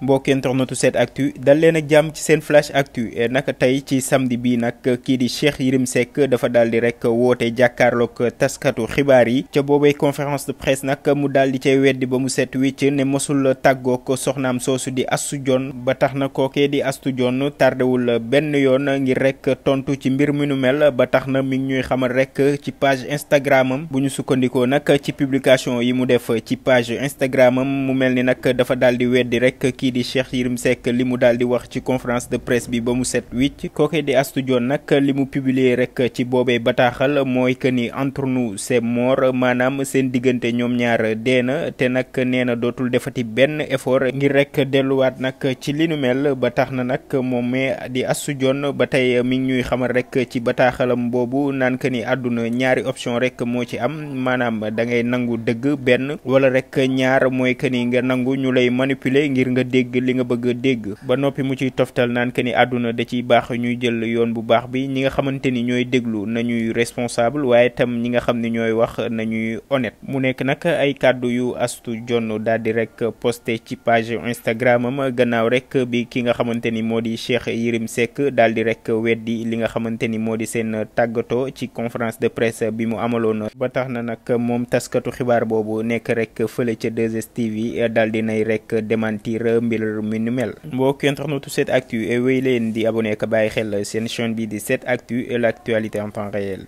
mbokk internetu set actu dal leen ak jàmm ci seen flash actu eh, nag tey ci samedi bi nag kii di Cheikh Yérim Seck dafa daal di rek woote jàkkaarlook taskatu xibaar yi ca boobee conférence de presse nag mu daal di weddi ba mu set wicc ne mosul tàggoog soxnaam soosu di astu Dione ba tax na kookee di Astou Dione tardewul benn yoon ngir rek tontu ci mbir mi nu mel ba tax na mi ngi ñuy xamal rek ci page Instagram bu ñu sukkandikoo nag ci publication yi mu def ci page Instagram am mu mel ni nag dafa daal di weddi rek. kii di Cheikh Yérim Seck li mu daal di wax ci conférence de presse bi ba mu set wicc kooke di Astou Dione nag li publier rek ci boobee bataaxal mooy que ni entre nous c'est mort maanaam seen diggante ñoom ñaar dee na te nag nee na dootul defati benn effort ngir rek delluwaat nag ci linu nu mel ba tax na nag moom mais di Astou Dione ba tey mi ngi ñuy xamal rek ci bataaxalam boobu naan que ni àdduna ñaari option rek moo ci am maanaam da ngay nangu dëgg benn wala rek ñaar mooy dégg li nga bëgg dégg ba noppi mu ciy toftal naan que ni àdduna da ciy baax ñuy jël yoon bu baax bi ñi nga xamante ni ñooy déglu nañuy responsable waaye tam ñi nga xam ne ñooy wax nañuy honnête mu nekk nag ay kàddu yu Astou jonn daal di rek posté ci page Instagram am gannaaw rek bi ki nga xamante ni moo di Cheikh Yérim Seck daal di rek weddi li nga xamante ni moo di seen tàggatoo ci conférence de presse bi mu amaloon ba tax na nag moom taskatu xibaar boobu nekk rek mbir mi nu mel mbokk internetu set actu et wey leen di abonné ka bàyyi xel sen chaîne bi di set actu et l'actualité en temps réel